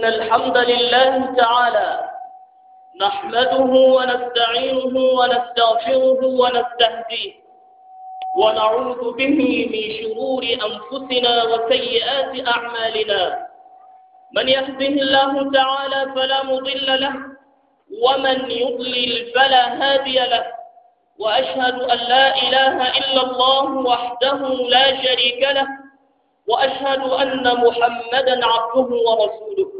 إن الحمد لله تعالى نحمده ونستعينه ونستغفره ونستهديه ونعوذ به من شرور أنفسنا وسيئات أعمالنا من يهده الله تعالى فلا مضل له ومن يضلل فلا هادي له وأشهد أن لا إله إلا الله وحده لا شريك له وأشهد أن محمدا عبده ورسوله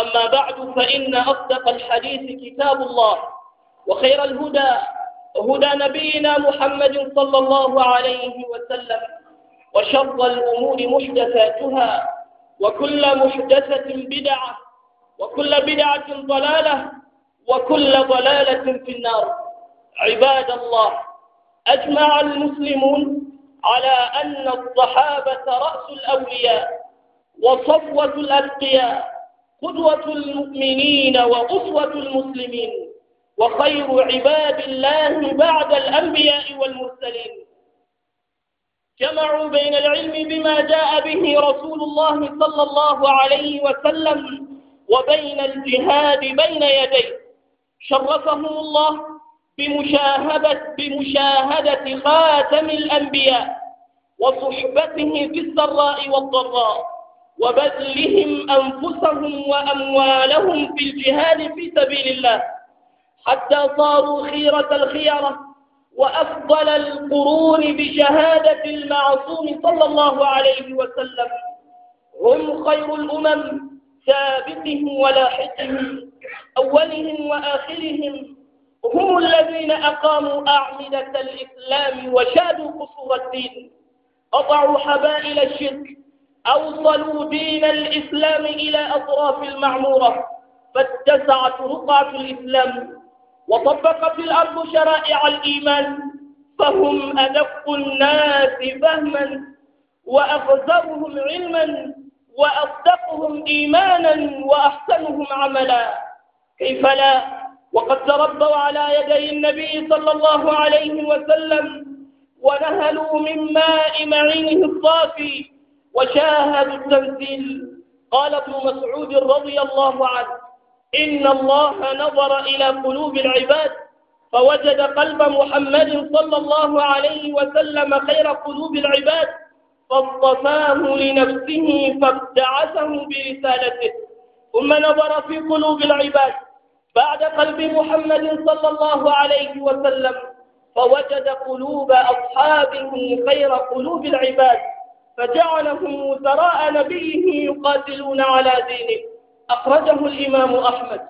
أما بعد فإن أصدق الحديث كتاب الله وخير الهدى هدى نبينا محمد صلى الله عليه وسلم وشر الأمور محدثاتها وكل محدثة بدعة وكل بدعة ضلالة وكل ضلالة في النار عباد الله أجمع المسلمون على أن الصحابة رأس الأولياء وصفوة الأتقياء قدوة المؤمنين وأسوة المسلمين وخير عباد الله بعد الأنبياء والمرسلين جمعوا بين العلم بما جاء به رسول الله صلى الله عليه وسلم وبين الجهاد بين يديه شرفهم الله بمشاهدة, بمشاهدة خاتم الأنبياء وصحبته في السراء والضراء وبذلهم أنفسهم وأموالهم في الجهاد في سبيل الله حتى صاروا خيرة الخيرة وأفضل القرون بشهادة المعصوم صلى الله عليه وسلم هم خير الأمم ثابتهم ولاحقهم أولهم وآخرهم هم الذين أقاموا أعمدة الإسلام وشادوا قصور الدين قطعوا حبائل الشرك أوصلوا دين الإسلام إلى أطراف المعمورة فاتسعت رقعة الإسلام وطبقت الأرض شرائع الإيمان فهم أدق الناس فهما وأغزرهم علما وأصدقهم إيمانا وأحسنهم عملا كيف لا وقد تربوا على يدي النبي صلى الله عليه وسلم ونهلوا من ماء معينه الصافي وشاهدوا التمثيل قال ابن مسعود رضي الله عنه إن الله نظر إلى قلوب العباد فوجد قلب محمد صلى الله عليه وسلم خير قلوب العباد فاصطفاه لنفسه فابتعثه برسالته ثم نظر في قلوب العباد بعد قلب محمد صلى الله عليه وسلم فوجد قلوب أصحابه خير قلوب العباد فجعلهم وزراء نبيه يقاتلون على دينه أخرجه الإمام أحمد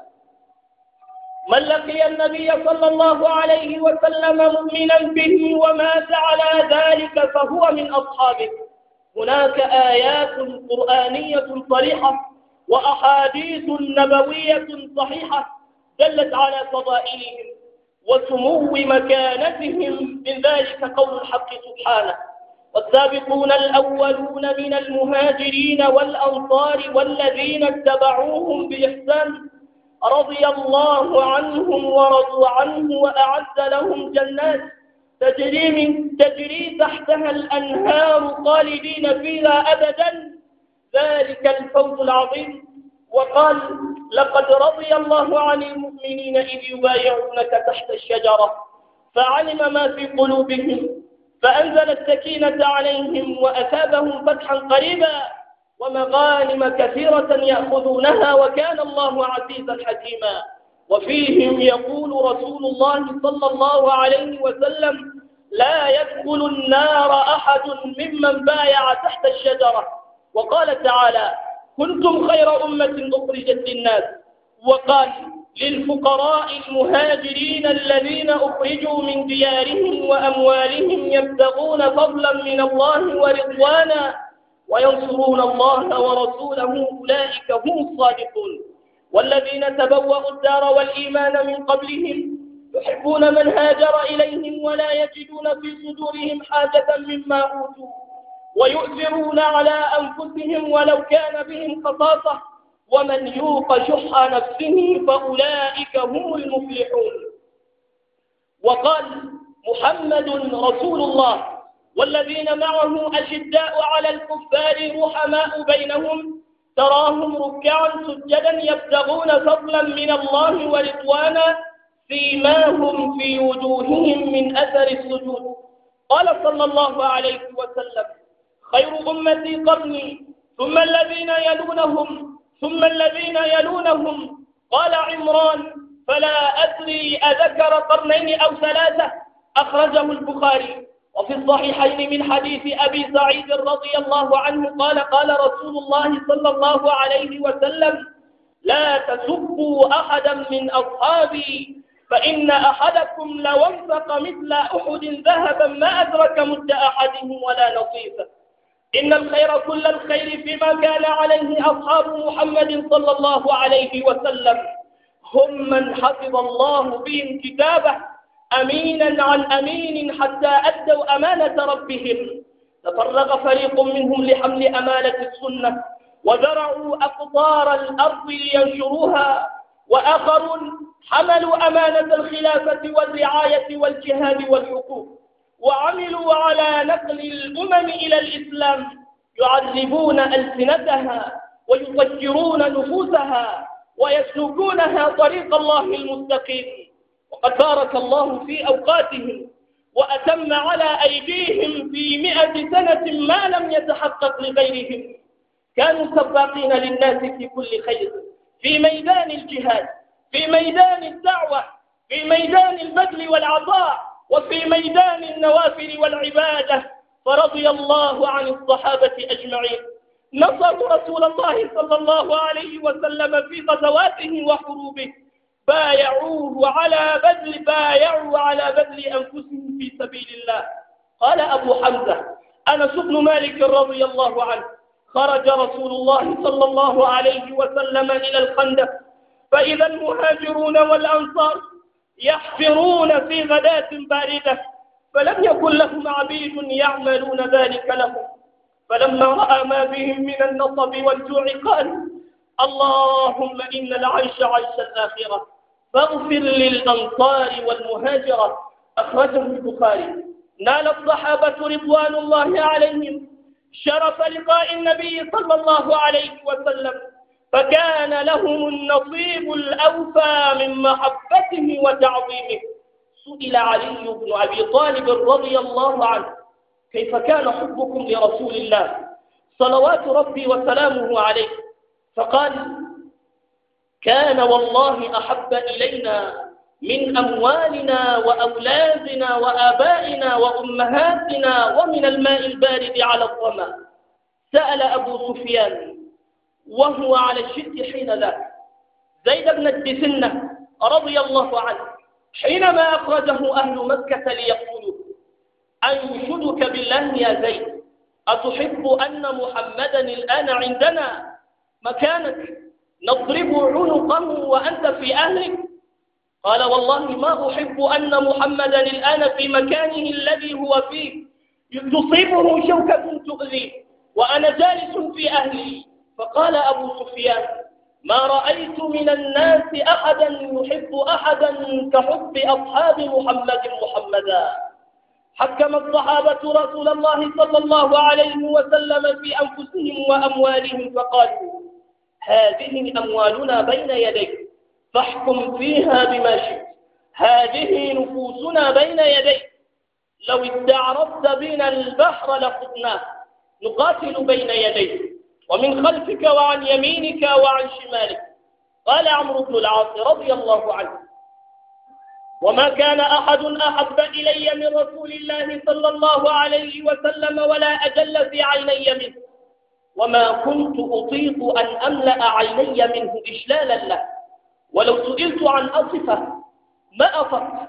من لقي النبي صلى الله عليه وسلم مؤمنا به ومات على ذلك فهو من أصحابه هناك آيات قرآنية صريحة وأحاديث نبوية صحيحة دلت على فضائلهم وسمو مكانتهم من ذلك قول الحق سبحانه والسابقون الأولون من المهاجرين والأنصار والذين اتبعوهم بإحسان رضي الله عنهم ورضوا عنه وأعد لهم جنات تجري من تجري تحتها الأنهار خالدين فيها أبدا ذلك الفوز العظيم وقال لقد رضي الله عن المؤمنين إذ يبايعونك تحت الشجرة فعلم ما في قلوبهم فأنزل السكينة عليهم وأثابهم فتحا قريبا ومغانم كثيرة يأخذونها وكان الله عزيزا حكيما وفيهم يقول رسول الله صلى الله عليه وسلم لا يدخل النار أحد ممن بايع تحت الشجرة وقال تعالى كنتم خير أمة أخرجت للناس وقال للفقراء المهاجرين الذين أخرجوا من ديارهم وأموالهم يبتغون فضلا من الله ورضوانا وينصرون الله ورسوله أولئك هم الصادقون والذين تبوأوا الدار والإيمان من قبلهم يحبون من هاجر إليهم ولا يجدون في صدورهم حاجة مما أوتوا ويؤثرون على أنفسهم ولو كان بهم خصاصة ومن يوق شح نفسه فأولئك هم المفلحون وقال محمد رسول الله والذين معه أشداء على الكفار رحماء بينهم تراهم ركعا سجدا يبتغون فضلا من الله ورضوانا فيما هم في وجوههم من أثر السجود قال صلى الله عليه وسلم خير أمتي قرني ثم الذين يلونهم ثم الذين يلونهم قال عمران فلا أدري أذكر قرنين أو ثلاثة أخرجه البخاري وفي الصحيحين من حديث أبي سعيد رضي الله عنه قال قال رسول الله صلى الله عليه وسلم لا تسبوا أحدا من أصحابي فإن أحدكم لو انفق مثل أحد ذهبا ما أدرك مد أحدهم ولا نصيفه إن الخير كل الخير فيما كان عليه أصحاب محمد صلى الله عليه وسلم هم من حفظ الله بهم كتابه أمينا عن أمين حتى أدوا أمانة ربهم تفرغ فريق منهم لحمل أمانة السنة وزرعوا أقطار الأرض لينشروها وآخرون حملوا أمانة الخلافة والرعاية والجهاد والحقوق وعملوا على نقل الأمم إلى الإسلام يعذبون ألسنتها ويفجرون نفوسها ويسلكونها طريق الله المستقيم وقد بارك الله في أوقاتهم وأتم على أيديهم في مئة سنة ما لم يتحقق لغيرهم كانوا سباقين للناس في كل خير في ميدان الجهاد في ميدان الدعوة في ميدان البذل والعطاء وفي ميدان النوافل والعبادة فرضي الله عن الصحابة أجمعين نصروا رسول الله صلى الله عليه وسلم في غزواته وحروبه بايعوه على بذل بايعوا على بذل أنفسهم في سبيل الله قال أبو حمزة أنس بن مالك رضي الله عنه خرج رسول الله صلى الله عليه وسلم إلى الخندق فإذا المهاجرون والأنصار يحفرون في غداة باردة فلم يكن لهم عبيد يعملون ذلك لهم فلما رأى ما بهم من النصب والجوع قال اللهم إن العيش عيش الآخرة فاغفر للأنصار والمهاجرة أخرجه البخاري نال الصحابة رضوان الله عليهم شرف لقاء النبي صلى الله عليه وسلم فكان لهم النصيب الأوفى من محبته وتعظيمه سئل علي بن أبي طالب رضي الله عنه كيف كان حبكم لرسول الله صلوات ربي وسلامه عليه فقال كان والله أحب إلينا من أموالنا وأولادنا وآبائنا وأمهاتنا ومن الماء البارد على الظما سأل أبو سفيان وهو على الشد حين ذاك زيد بن الدسنة رضي الله عنه حينما أخرجه أهل مكة ليقولوا أنشدك بالله يا زيد أتحب أن محمدا الآن عندنا مكانك نضرب عنقه وأنت في أهلك قال والله ما أحب أن محمدا الآن في مكانه الذي هو فيه تصيبه شوكة تؤذيه وأنا جالس في أهلي فقال أبو سفيان ما رأيت من الناس أحدا يحب أحدا كحب أصحاب محمد محمدا حكم الصحابة رسول الله صلى الله عليه وسلم في أنفسهم وأموالهم فقالوا هذه أموالنا بين يديك فاحكم فيها بما شئت هذه نفوسنا بين يديك لو استعرضت بنا البحر لخذناه نقاتل بين يديك ومن خلفك وعن يمينك وعن شمالك قال عمرو بن العاص رضي الله عنه وما كان أحد أحب إلي من رسول الله صلى الله عليه وسلم ولا أجل في عيني منه وما كنت أطيق أن أملأ عيني منه إشلالا له ولو سئلت عن أصفه ما أفقت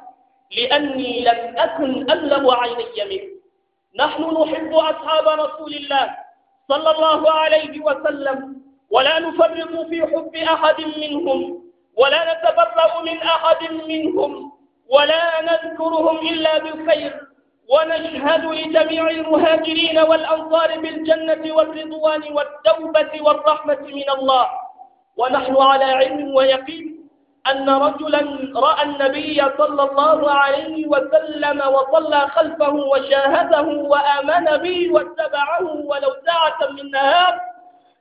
لأني لم أكن أملأ عيني منه نحن نحب أصحاب رسول الله صلى الله عليه وسلم ولا نفرط في حب أحد منهم ولا نتبرأ من أحد منهم ولا نذكرهم إلا بالخير ونشهد لجميع المهاجرين والأنصار بالجنة والرضوان والتوبة والرحمة من الله ونحن على علم ويقين أن رجلا رأى النبي صلى الله عليه وسلم وصلى خلفه وشاهده وآمن به واتبعه ولو ساعة من نهار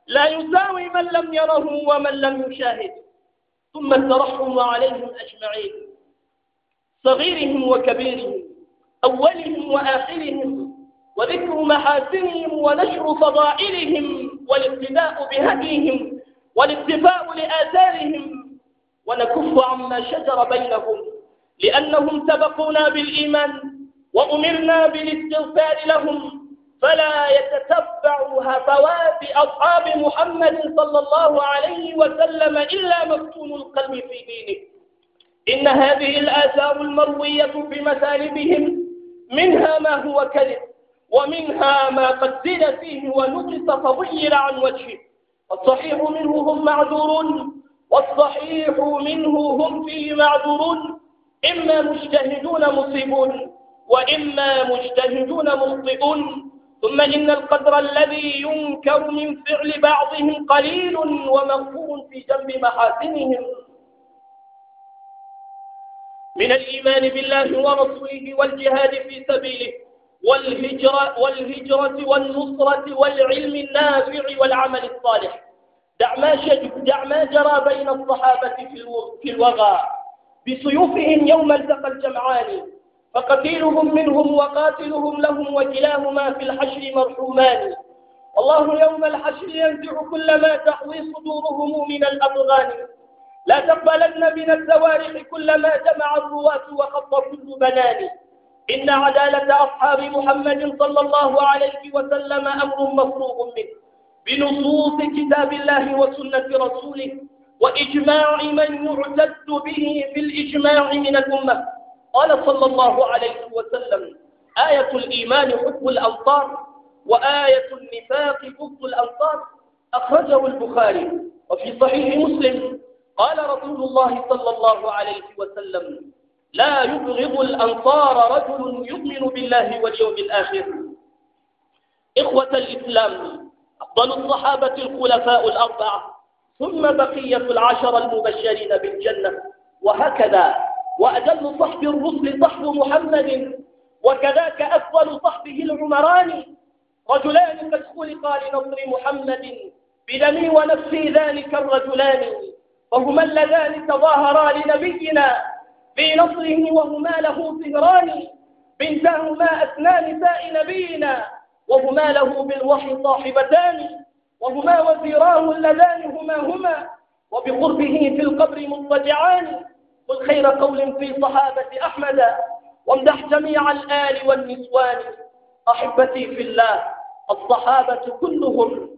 لا يساوي من لم يره ومن لم يشاهد ثم الترحم عليهم أجمعين صغيرهم وكبيرهم أولهم وآخرهم وذكر محاسنهم ونشر فضائلهم والاقتداء بهديهم والاتفاء لآثارهم ونكف عما شجر بينهم لأنهم سبقونا بالإيمان وأمرنا بالاستغفار لهم فلا يتتبع هفوات أصحاب محمد صلى الله عليه وسلم إلا مفتون القلب في دينه إن هذه الآثار المروية بمثالبهم منها ما هو كذب ومنها ما قد زل فيه ونقص فضير عن وجهه الصحيح منه هم معذورون والصحيح منه هم فيه معذورون إما مجتهدون مصيبون وإما مجتهدون مخطئون ثم إن القدر الذي ينكر من فعل بعضهم قليل ومغفور في جنب محاسنهم من الإيمان بالله ورسوله والجهاد في سبيله والهجرة, والهجرة والنصرة والعلم النافع والعمل الصالح دع ما, دع ما جرى بين الصحابة في الوغى بسيوفهم يوم التقى الجمعان فقتيلهم منهم وقاتلهم لهم وكلاهما في الحشر مرحومان الله يوم الحشر ينزع كل ما تحوي صدورهم من الأبغان لا تقبلن من الزوارق كل ما جمع الرواة وخط كل بنان إن عدالة أصحاب محمد صلى الله عليه وسلم أمر مفروغ منه بنصوص كتاب الله وسنة رسوله وإجماع من يعتد به في الإجماع من الأمة قال صلى الله عليه وسلم آية الإيمان حب الأنصار وآية النفاق حكم الأنصار أخرجه البخاري وفي صحيح مسلم قال رسول الله صلى الله عليه وسلم لا يبغض الأنصار رجل يؤمن بالله واليوم الآخر إخوة الإسلام أفضل الصحابة الخلفاء الأربعة ثم بقية العشر المبشرين بالجنة وهكذا وأجل صحب الرسل صحب محمد وكذاك أفضل صحبه العمران رجلان قد خلقا لنصر محمد بدمي ونفسي ذلك الرجلان فهما اللذان تظاهرا لنبينا في نصره وهما له صهران بنتاهما أثنان نساء نبينا وهما له بالوحي صاحبتان وهما وزيراه اللذان هما هما وبقربه في القبر مضطجعان قل خير قول في صحابة أحمد وامدح جميع الآل والنسوان أحبتي في الله الصحابة كلهم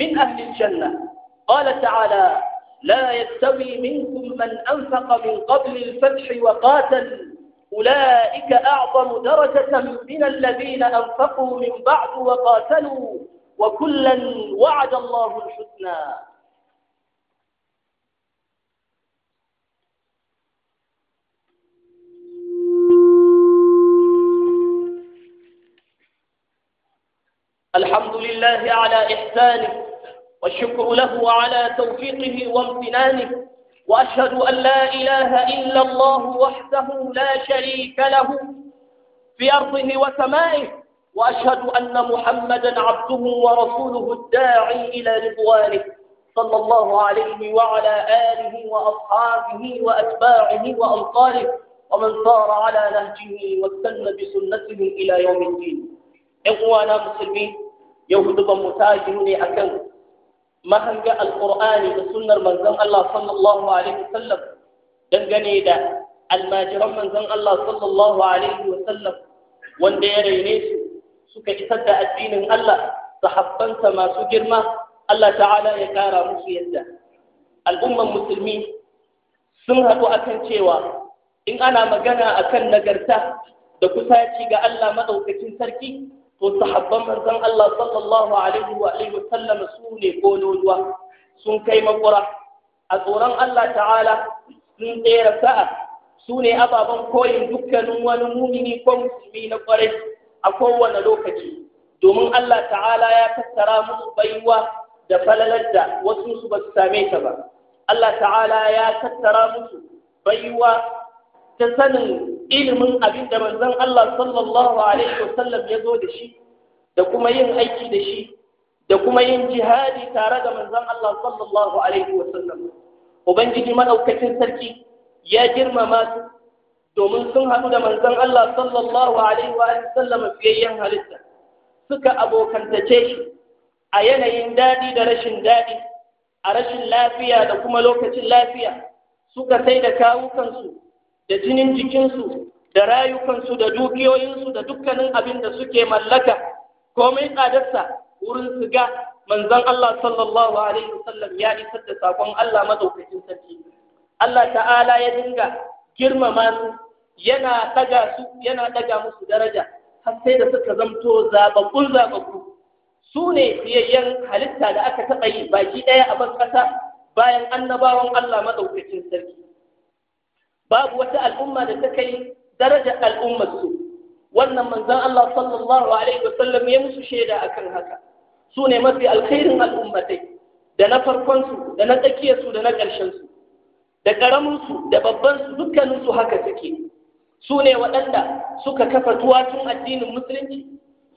من أهل الجنة قال تعالى لا يستوي منكم من أنفق من قبل الفتح وقاتل أولئك أعظم درجة من الذين أنفقوا من بعد وقاتلوا وكلا وعد الله الحسنى الحمد لله على إحسانه والشكر له على توفيقه وامتنانه وأشهد أن لا إله إلا الله وحده لا شريك له في أرضه وسمائه وأشهد أن محمدا عبده ورسوله الداعي إلى رضوانه صلى الله عليه وعلى آله وأصحابه وأتباعه وأنصاره ومن صار على نهجه واستنى بسنته إلى يوم الدين إخوانا مسلمين يهدب متاجرني أكن mahanga Alƙur'ani da sunnar manzon Allah sallallahu alaihi wasallam dangane da almajiran manzon Allah sallallahu alaihi wasallam wanda ya raine su suka isar da addinin Allah sahabbansa masu girma Allah ta'ala ya kara musu yadda al'umman musulmi sun haɗu akan cewa in ana magana akan nagarta da kusaci ga Allah maɗaukacin sarki to sahabban manzon Allah sallallahu alaihi wa alihi wa sallam su ne sun kai makura a tsoron Allah ta'ala sun tsere sa'a su ne ababen koyin dukkanin wani mumini ko musulmi na kwarai a kowane lokaci domin Allah ta'ala ya tattara musu baiwa da falalar da wasu su ba su same ta ba Allah ta'ala ya tattara musu baiwa ta sanin ilimin abin da manzon Allah sallallahu alaihi wasallam ya zo da shi da kuma yin aiki da shi da kuma yin jihadi tare da manzon Allah sallallahu alaihi wasallam ubangiji madaukakin sarki ya girmama su domin sun haɗu da manzon Allah sallallahu alaihi wasallam fiyayyen halitta suka abokantace shi a yanayin daɗi da rashin daɗi a rashin lafiya da kuma lokacin lafiya suka sai da kawukansu da jinin jikinsu da rayukansu da dukiyoyinsu da dukkanin abin da suke mallaka komai tsadarsa wurin su ga manzon Allah sallallahu alaihi wasallam ya isar da sakon Allah madaukakin sarki Allah ta'ala ya dinga girmama su yana daga su yana daga musu daraja har sai da suka zamto zababbun zababbu su ne fiyayyen halitta da aka taɓa yi baki ɗaya a ban ƙasa bayan annabawan Allah madaukakin sarki babu wata al'umma da ta kai daraja al'ummarsu wannan manzan Allah sallallahu alaihi wasallam ya musu shaida akan haka su ne mafi alkhairin al'ummatai da na farkonsu da na tsakiyarsu da na ƙarshensu da ƙaraminsu da babbansu dukkaninsu haka take. su ne waɗanda suka kafa tuwatun addinin musulunci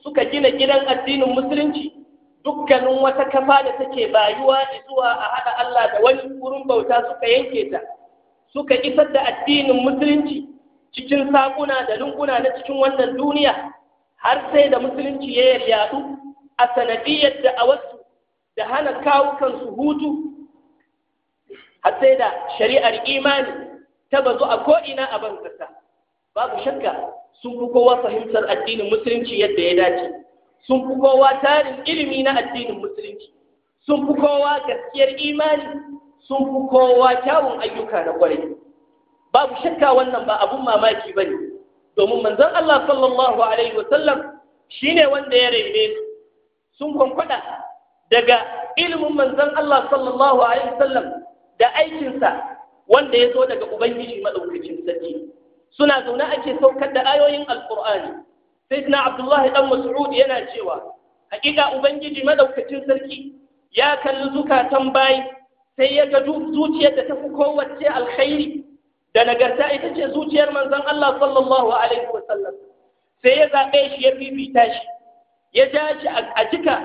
suka gina gidan addinin musulunci dukkanin wata kafa da take bayuwa zuwa a haɗa Allah da wani wurin bauta suka yanke ta suka isar da addinin musulunci cikin saƙuna da lunguna na cikin wannan duniya har sai da musulunci ya yadu a sanadiyar da a wasu da hana kawukan su hutu har sai da shari'ar imani ta bazu a ko'ina a bankasa babu shakka sun fi kowa fahimtar addinin musulunci yadda ya dace sun fi kowa tarin ilimi na addinin musulunci sun fi kowa gaskiyar imani sun fi kowa kyawun ayyuka na kwarai babu shakka wannan ba abun mamaki ba ne domin manzon Allah sallallahu alaihi wasallam shi ne wanda ya raine sun kwankwada daga ilimin manzon Allah sallallahu alaihi wasallam da aikinsa wanda ya zo daga ubangiji maɗaukacin sarki suna zaune ake saukar da ayoyin Alƙur'ani. sai na abdullahi ɗan mas'ud yana cewa hakika ubangiji maɗaukacin sarki ya kalli zukatan bayi sai ya ga zuciyar da ta fi kowace alkhairi da nagarta ita ce zuciyar manzon Allah sallallahu alaihi wasallam sai ya zaɓe shi ya fifita shi ya ja shi a jika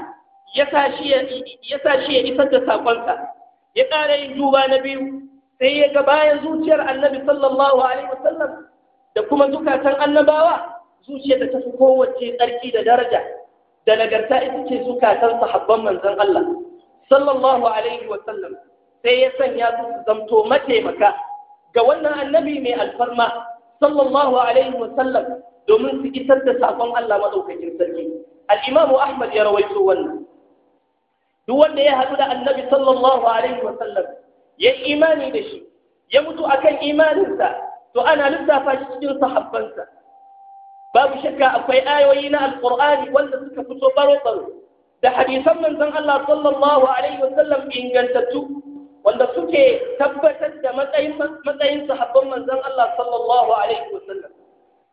ya sa shi ya isar da saƙonsa ya ƙara yin duba na biyu sai ya ga bayan zuciyar annabi sallallahu alaihi wasallam da kuma zukatan annabawa zuciyar da ta fi kowace tsarki da daraja da nagarta ita ce zukatan sahabban manzon Allah sallallahu alaihi wasallam sai ya sanya su su zamto mataimaka ga wannan annabi mai alfarma sallallahu alaihi wa sallam, domin su isar da sakon Allah madaukakin sarki al-Imam Ahmad ya rawaito wannan duk wanda ya haɗu da annabi sallallahu alaihi wa sallam, ya imani da shi ya mutu akan imaninsa to ana lissafa shi cikin sahabbansa babu shakka akwai ayoyi na alqur'ani wanda suka fito baro baro da hadisan manzon Allah sallallahu alaihi wa wasallam ingantattu wanda suke tabbatar da matsayin matsayin sahabban manzon Allah sallallahu alaihi wasallam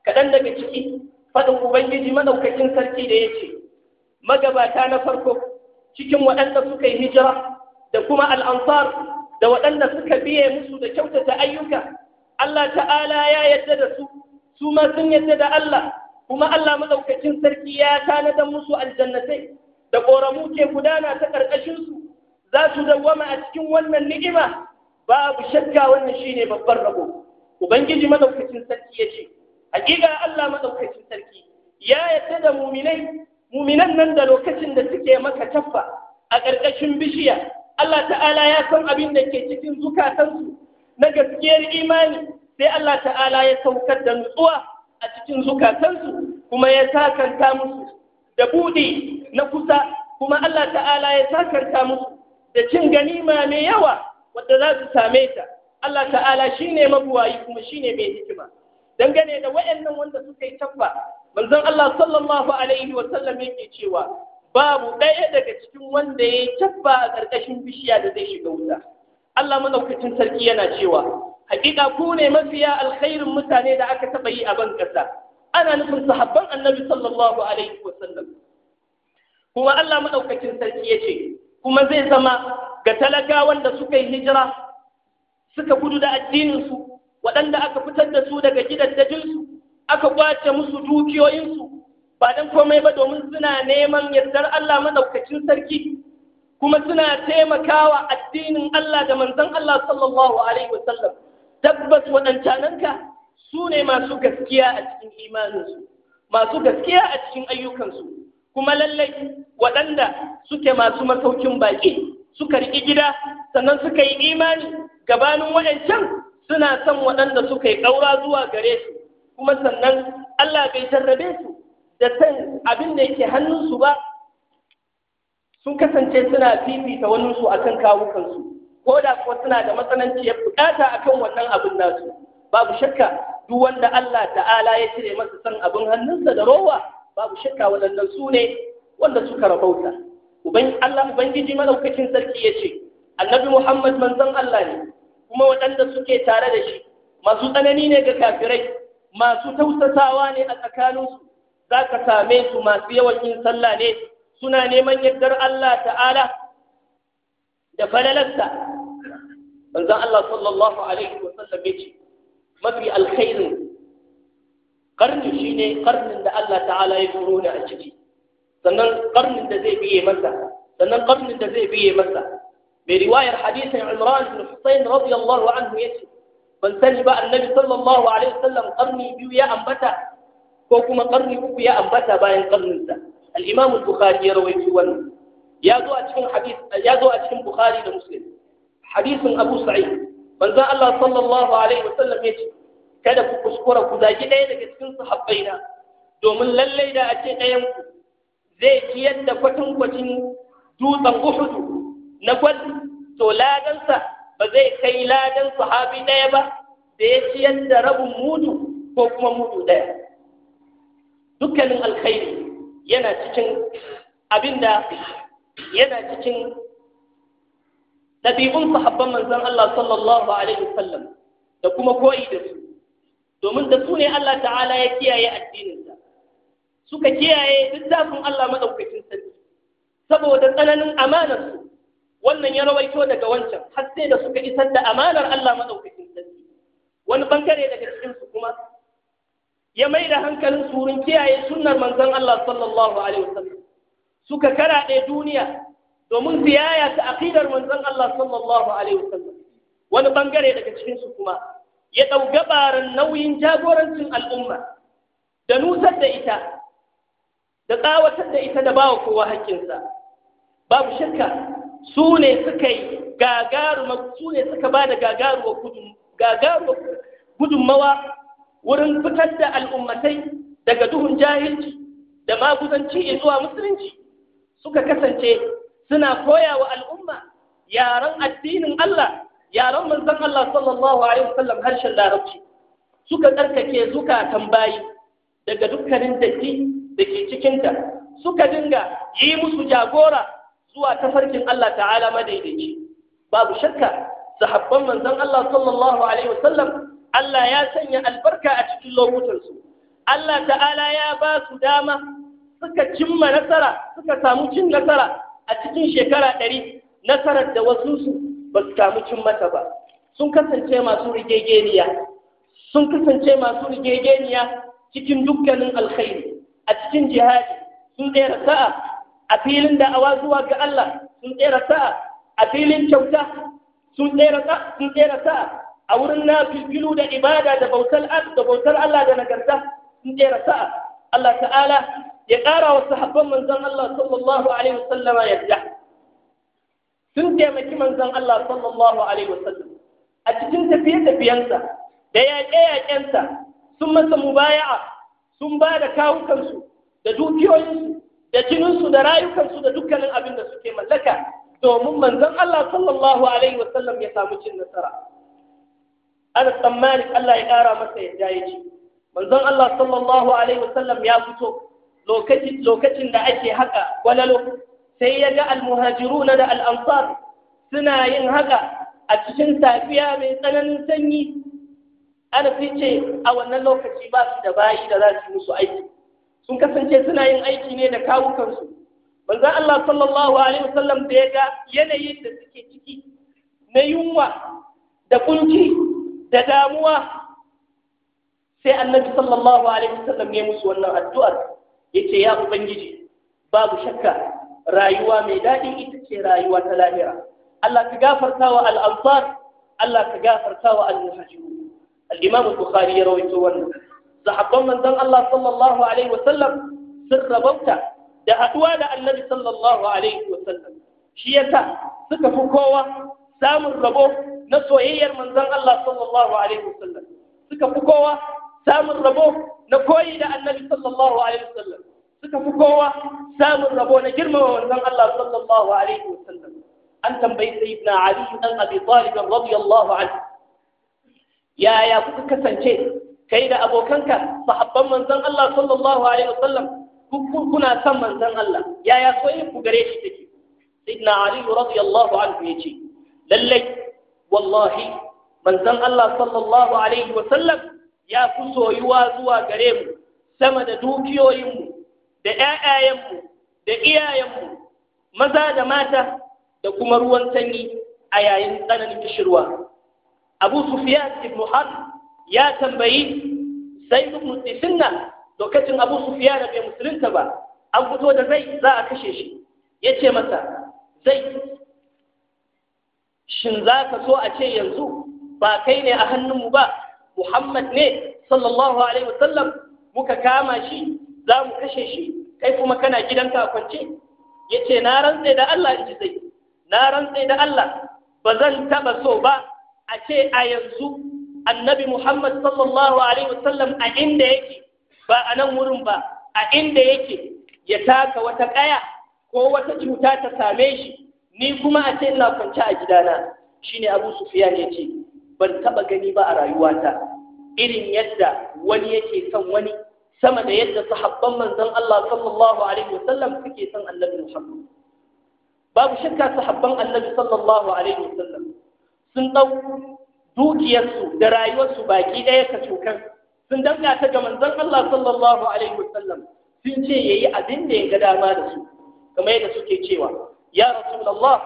kadan daga ciki fadin ubangiji maɗaukakin sarki da ce. magabata na farko cikin waɗanda suka yi hijira da kuma al'ansar da waɗanda suka biye musu da kyautata ayyuka Allah ta'ala ya yadda da su su ma sun yadda da Allah kuma Allah maɗaukacin sarki ya tanadar musu aljannatai da ƙoramu ke gudana ta ƙarƙashinsu za su dawwama a cikin wannan ni'ima babu shakka wannan shine babban rabo ubangiji madaukakin sarki ya ce hakika Allah madaukakin sarki ya yadda da muminai muminan nan da lokacin da suke maka tabba a ƙarƙashin bishiya Allah ta'ala ya san abin da ke cikin zukatansu na gaskiyar imani sai Allah ta'ala ya saukar da nutsuwa a cikin zukatansu kuma ya sakanta musu da buɗe na kusa kuma Allah ta'ala ya sakanta musu da cin ganima mai yawa wadda za su same ta Allah ta'ala shine mabuwayi kuma shine mai hikima dangane da wayannan wanda suka yi tabba manzon Allah sallallahu alaihi wa sallam yake cewa babu ɗaya daga cikin wanda ya yi tabba a ƙarƙashin bishiya da zai shiga wuta Allah madaukakin sarki yana cewa hakika ku ne mafiya alkhairin mutane da aka taɓa yi a ban ƙasa ana nufin sahabban annabi sallallahu alaihi wa sallam kuma Allah madaukakin sarki ya ce kuma zai zama ga talakawan da suka yi hijira suka gudu da addininsu waɗanda aka fitar da su daga gidaddajinsu aka kwace musu dukiyoyinsu ba don komai ba domin suna neman yardar Allah maɗaukacin sarki kuma suna taimakawa addinin Allah da manzon Allah sallallahu alaihi wasallam tabbas waɗancananka su ne masu gaskiya a cikin imaninsu masu gaskiya a cikin ayyukansu kuma lallai waɗanda suke masu masaukin baƙi suka riƙi gida sannan suka yi imani gabanin waɗancan suna son waɗanda suka yi ƙaura zuwa gare su kuma sannan Allah bai jarrabe su da san abin da yake hannunsu ba sun kasance suna fifita waninsu a kan kawukansu ko da kuwa suna da matsananciyar buƙata a kan wannan abin nasu babu shakka duk wanda Allah ta'ala ya cire masa san abin hannunsa da rowa babu shakka waɗannan su ne wanda suka rabauta uban Allah ubangiji malaukakin sarki ya ce annabi Muhammad manzon Allah ne kuma waɗanda suke tare da shi masu tsanani ne ga kafirai masu tausasawa ne a tsakaninsu Zaka same su masu yawan yin sallah ne suna neman yardar Allah ta'ala da falalarsa manzon Allah sallallahu alaihi wa sallam ya ce mafi alkhairin karni shine karnin da Allah ta'ala ya turo ni a ciki sannan karnin da zai biye masa sannan karnin da zai biye masa mai riwayar hadisin Imran bin Husayn radiyallahu anhu yace ban sani ba annabi sallallahu alaihi wasallam karni biyu ya ambata ko kuma karni uku ya ambata bayan karninsa al-Imam al-Bukhari ya rawaito wannan ya zo a cikin hadis ya zo a cikin Bukhari da Muslim hadisin Abu Sa'id manzon Allah sallallahu alaihi wasallam yace kada ku kuskura ku zagi ɗaya daga cikin sahabbai na domin lallai da a ce ɗayan ku zai ci yadda kwatankwacin dutsen Uhud na gwal to ladansa ba zai kai ladan sahabi ɗaya ba da ya ci yadda rabin mudu ko kuma mudu ɗaya dukkanin alkhairi yana cikin abinda yana cikin ɗabi'un sahabban manzon Allah sallallahu alaihi wasallam da kuma koyi da su domin da su ne Allah ta'ala ya kiyaye addininsa suka kiyaye littafin Allah maɗaukakin sarki saboda tsananin amanarsu wannan ya rawaito daga wancan har sai da suka isar da amanar Allah maɗaukakin sarki wani bangare daga cikinsu kuma ya mai da hankalin surun kiyaye sunnar manzon Allah sallallahu alaihi wasallam suka karaɗe duniya domin ziyaya ta aqidar manzon Allah sallallahu alaihi wasallam wani bangare daga cikinsu kuma ya ɗau gabarin nauyin jagorancin al'umma da nusar da ita da tsawatar da ita da bawa kowa haƙƙinsa babu shakka su ne suka yi gagaruma su ne suka ba da gagaruma gudunmawa wurin fitar da al'ummatai daga duhun jahilci da maguzanci zuwa musulunci suka kasance suna koya wa al'umma yaren addinin Allah yaran manzon Allah sallallahu alaihi wasallam harshen larabci suka tsarkake zukatan bayi daga dukkanin datti da ke cikinta suka dinga yi musu jagora zuwa tafarkin Allah ta'ala madaidaici babu shakka sahabban manzon Allah sallallahu alaihi wasallam Allah ya sanya albarka a cikin lokutansu Allah ta'ala ya ba su dama suka cimma nasara suka samu cin nasara a cikin shekara ɗari nasarar da wasu su ba su samu cin mata ba sun kasance masu rigegeniya sun kasance masu rigegeniya cikin dukkanin alkhairi a cikin jihadi sun tsere sa'a a filin da'awa zuwa ga Allah sun tsere sa'a a filin kyauta sun tsere sa'a sun tsere sa'a a wurin nafilfilu da ibada da bautar da bautar Allah da nagarta sun tsere sa'a Allah ta'ala ya ƙara wa sahabban manzon Allah sallallahu alaihi wasallama yadda sun taimaki manzon Allah sallallahu alaihi wasallam a cikin tafiye-tafiyensa da yaƙe-yaƙensa sun masa mubaya'a sun ba da kawukansu da dukiyoyinsu da jininsu da rayukansu da dukkanin abin da suke mallaka domin manzon Allah sallallahu alaihi wasallam ya samu cin nasara ana tsammani Allah ya ƙara masa yadda ya ci. manzon Allah sallallahu alaihi wasallam ya fito lokacin da ake haka walalo sai ya ga na da al'ansar suna yin haka a cikin safiya mai tsananin sanyi ana ce a wannan lokaci ba su da bayi da za su musu aiki sun kasance suna yin aiki ne da kawukansu manzo Allah sallallahu alaihi wasallam da ya ga yanayin da suke ciki na yunwa da kunci da damuwa sai annabi sallallahu alaihi wasallam ya musu wannan addu'ar ya ce ya ubangiji babu shakka rayuwa mai daɗi ita ce rayuwa ta lahira Allah ka gafarta wa al'ansar, Allah ka gafarta wa al-muhajirun al-imam al-bukhari ya rawaito wannan sahabban manzon Allah sallallahu alaihi wasallam sun rabauta da haɗuwa da annabi sallallahu alaihi wasallam shi yasa suka fi kowa samun rabo na soyayyar manzon Allah sallallahu alaihi wasallam suka fi kowa samun rabo na koyi da annabi sallallahu alaihi wasallam suka fi kowa samun rabo na girmama manzon Allah sallallahu alaihi wasallam an tambayi sayyidina Ali dan Abi Talib radiyallahu anhu yaya kuka kasance kai da abokanka sahabban manzon Allah sallallahu alaihi wasallam kuna son manzon Allah yaya soyayya ku gare shi take sayyidina Ali radiyallahu anhu yace lallai wallahi manzon Allah sallallahu alaihi wasallam ya fi soyuwa zuwa gare mu sama da dukiyoyin mu. da ‘ya'yayenmu da iyayenmu maza da mata da kuma ruwan sanyi a yayin tsananin kishirwa abu sufiyan ibn har ya tambayi sai ibn tisinna lokacin abu sufiyan da bai musulunta ba an fito da zai za a kashe shi ya ce masa zai shin za ka so a ce yanzu ba kai ne a hannunmu ba muhammad ne sallallahu alaihi wasallam muka kama shi za mu kashe shi kai kuma kana gidanka a kwance ya ce na rantse da Allah in ji zai na rantse da Allah ba zan taɓa so ba a ce a yanzu annabi Muhammad sallallahu alaihi wasallam a inda yake ba a nan wurin ba a inda yake ya taka wata ƙaya ko wata cuta ta same shi ni kuma a ce ina kwance a gidana shine Abu Sufyan ya ce ban taɓa gani ba a rayuwata irin yadda wani yake son wani sama da yadda sahabban manzon Allah sallallahu alaihi wasallam suke son annabi Muhammad babu shakka sahabban annabi sallallahu alaihi wasallam sun dau dukiyarsu da rayuwarsu baki ɗaya ka cokan sun danga ta ga manzon Allah sallallahu alaihi wasallam sun ce yayi abin da ya ga dama da su kamar yadda suke cewa ya rasulullah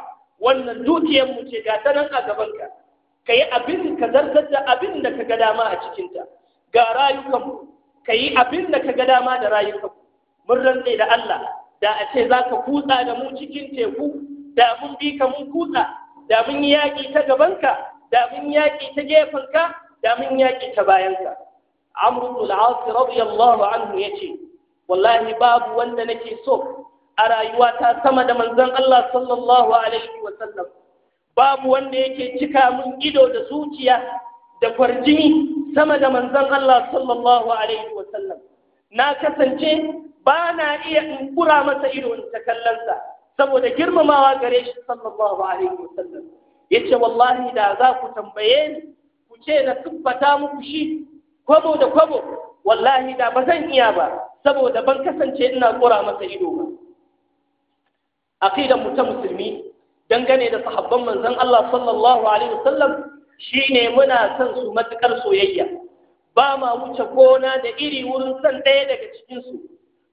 wannan dukiyar mu ce ga ta nan a gabanka ka yi abin ka zartar da abin da ka ga dama a cikinta ga rayukanmu ka yi abin da ka ga dama da rayuka mun rantse da Allah da a ce za ka kutsa da mu cikin teku da mun bi ka mun kutsa da mun yaƙi ta gabanka da mun yaƙi ta gefenka da mun yaƙi ta bayanka amru ibn al-as radiyallahu anhu yace wallahi babu wanda nake so a rayuwa ta sama da manzon Allah sallallahu alaihi wa sallam babu wanda yake cika mun ido da zuciya da kwarjini sama da manzon Allah sallallahu alaihi na kasance ba na iya in kura masa ido in ta kallonsa saboda girmamawa gare shi sallallahu alaihi yace wallahi da za ku tambaye ni ku ce na tubbata muku shi kwabo da kwabo wallahi da ba zan iya ba saboda ban kasance ina kura masa ido ba aqidan mu ta musulmi dangane da sahabban manzon Allah sallallahu alaihi wasallam Shi ne muna son su matuƙar soyayya ba ma wuce gona da iri wurin son ɗaya daga cikinsu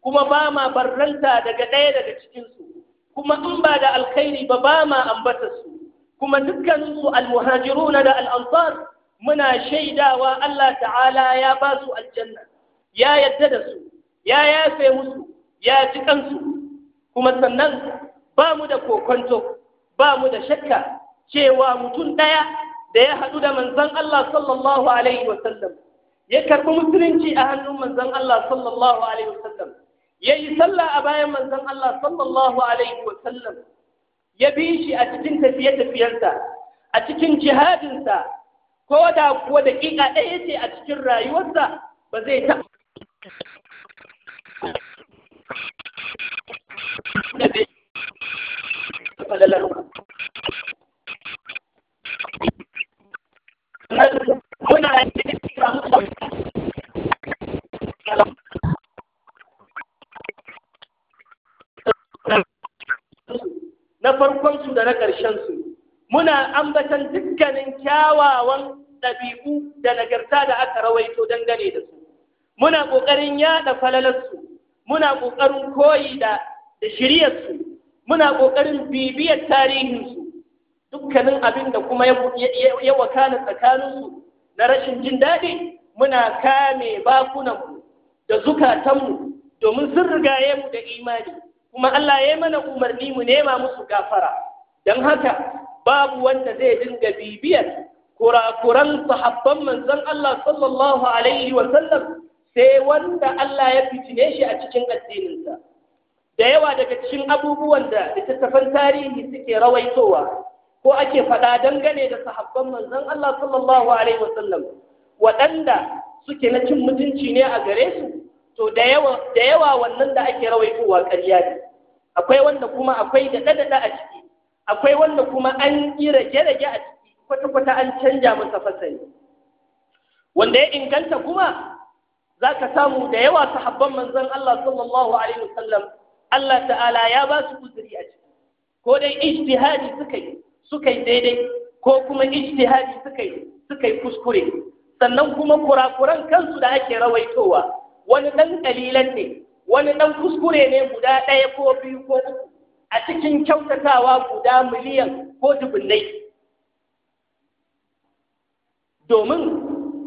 kuma ba ma barranta daga ɗaya daga cikinsu kuma in ba da alkhairi ba ba ma ambatarsu kuma dukkaninsu na da al'ansar muna shaidawa Allah ta'ala ya ba su aljanna ya yadda da su ya yafe musu ya ji kansu kuma sannan ba mu da kokonto ba mu da shakka cewa mutum ɗaya da ya haɗu da manzan Allah sallallahu alaihi wasallam ya karɓi musulunci a hannun manzan Allah sallallahu alaihi wasallam ya yi sallah a bayan manzan Allah sallallahu alaihi wasallam ya bi shi a cikin tafiye-tafiyensa a cikin jihadinsa ko da kuwa daƙiƙa ɗaya ce a cikin rayuwarsa ba zai taɓa da na farkon su da na ƙarshen su muna ambatan dukkanin kyawawan ɗabi'u da nagarta da aka rawaito dangane da su muna ƙoƙarin yaɗa falalarsu muna ƙoƙarin koyi da shiryarsu muna ƙoƙarin bibiyar tarihinsu dukkanin abin da kuma ya wakana tsakaninsu na rashin jin daɗi muna kame bakunanmu da zukatanmu domin sun rigaye mu da imani kuma Allah ya yi mana umarni mu nema musu gafara don haka babu wanda zai dinga bibiyar kurakuran sahabban manzon Allah sallallahu alaihi wa sallam sai wanda Allah ya fitine shi a cikin addininsa da yawa daga cikin abubuwan da littattafan tarihi suke rawaitowa ko ake faɗa dangane da sahabban manzon Allah sallallahu alaihi wasallam waɗanda suke na cin mutunci ne a gare su to da yawa da yawa wannan da ake rawaitowa ƙarya ne akwai wanda kuma akwai da da a ciki akwai wanda kuma an yi rage-rage a ciki kwata-kwata an canja masa fasali wanda ya inganta kuma za ka samu da yawa sahabban manzon Allah sallallahu alaihi wasallam Allah ta'ala ya ba su uzuri a ciki ko dai ijtihadi suka yi suka yi daidai ko kuma ijtihadi suka yi suka yi kuskure sannan kuma kurakuran kansu da ake rawaitowa wani ɗan ƙalilan ne wani ɗan kuskure ne guda ɗaya ko biyu ko uku a cikin kyautatawa guda miliyan ko dubunnai domin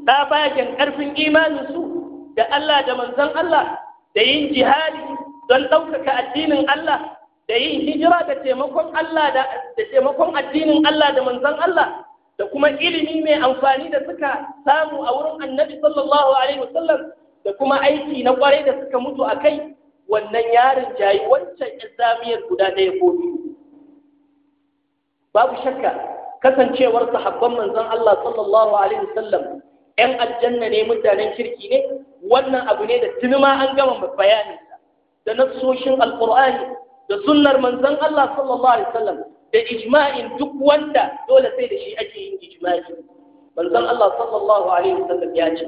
tsabagen ƙarfin imaninsu da Allah da manzon Allah da yin jihadi don ɗaukaka addinin Allah da yin hijira da taimakon Allah da taimakon addinin Allah da manzon Allah da kuma ilimi mai amfani da suka samu a wurin annabi sallallahu alaihi wasallam da kuma aiki na kwarai da suka mutu a kai wannan yarin jayi wancan islamiyar guda ɗaya ko biyu babu shakka kasancewar sahabban manzon Allah sallallahu alaihi wasallam ƴan aljanna ne mutanen kirki ne wannan abu ne da tuni ma an gama bayani da nassoshin alqur'ani da sunnar manzon Allah sallallahu alaihi wasallam da ijma'in duk wanda dole sai da shi ake yin ijma'i manzon Allah sallallahu alaihi wasallam ya ce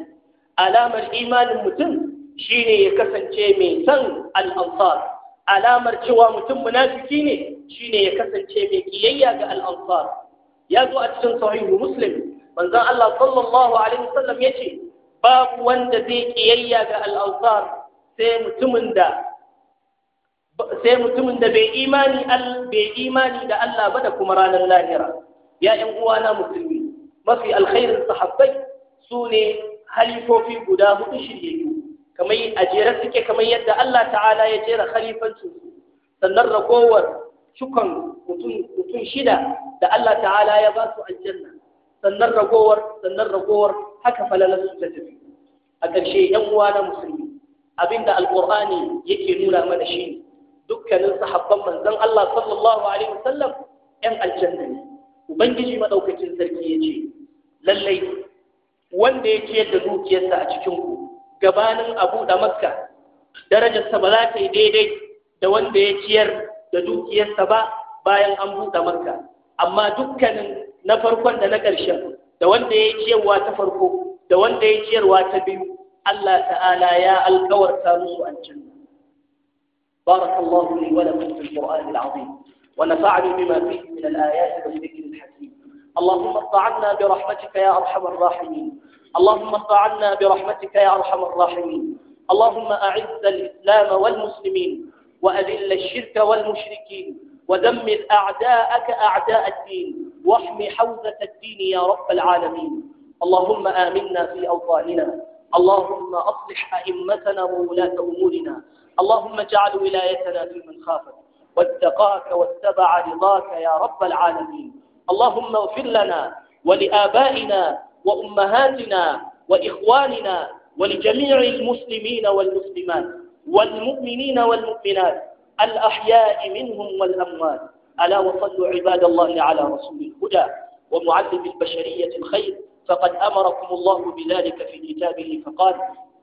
alamar imanin mutum shine ya kasance mai san al-ansar alamar cewa mutum munafiki ne shine ya kasance mai kiyayya ga al-ansar ya zo a cikin sahihu muslim manzon Allah sallallahu alaihi wasallam ya ce babu wanda zai kiyayya ga al-ansar sai mutumin da sai mutumin da bai imani bai imani da Allah ba da kuma ranar lahira ya ƴan uwana musulmi mafi alkhairin sahabbai su ne halifofi guda hudu shiryayyu kamar a jere suke kamar yadda Allah ta'ala ya jera khalifancin sannan ragowar cikon mutum shida da Allah ta'ala ya ba su aljanna sannan ragowar sannan ragowar haka falalar su ta tafi a ƙarshe 'yan uwana musulmi abinda alqur'ani yake nuna mana shine dukkanin sahabban manzon Allah sallallahu alaihi wasallam ƴan aljanna ne ubangiji madaukakin sarki yace lallai wanda ya ciyar da dukiyarsa a cikin ku gabanin abu da makka darajarsa ba za ta yi daidai da wanda ya ciyar da dukiyarsa ba bayan an buɗe makka amma dukkanin na farkon da na ƙarshen da wanda ya ciyarwa ta farko da wanda ya ciyarwa ta biyu Allah ta'ala ya alƙawarta musu aljanna بارك الله لي ولكم في القرآن العظيم ونفعني بما فيه من الآيات والذكر الحكيم اللهم اطعنا برحمتك يا أرحم الراحمين اللهم اطعنا برحمتك يا أرحم الراحمين اللهم أعز الإسلام والمسلمين وأذل الشرك والمشركين ودمر أعداءك أعداء الدين واحمي حوزة الدين يا رب العالمين اللهم آمنا في أوطاننا اللهم أصلح أئمتنا وولاة أمورنا اللهم اجعل ولايتنا في من خافك واتقاك واتبع رضاك يا رب العالمين اللهم اغفر لنا ولآبائنا وأمهاتنا وإخواننا ولجميع المسلمين والمسلمات والمؤمنين والمؤمنات الأحياء منهم والأموات ألا وصلوا عباد الله على رسول الهدى ومعلم البشرية الخير فقد أمركم الله بذلك في كتابه فقال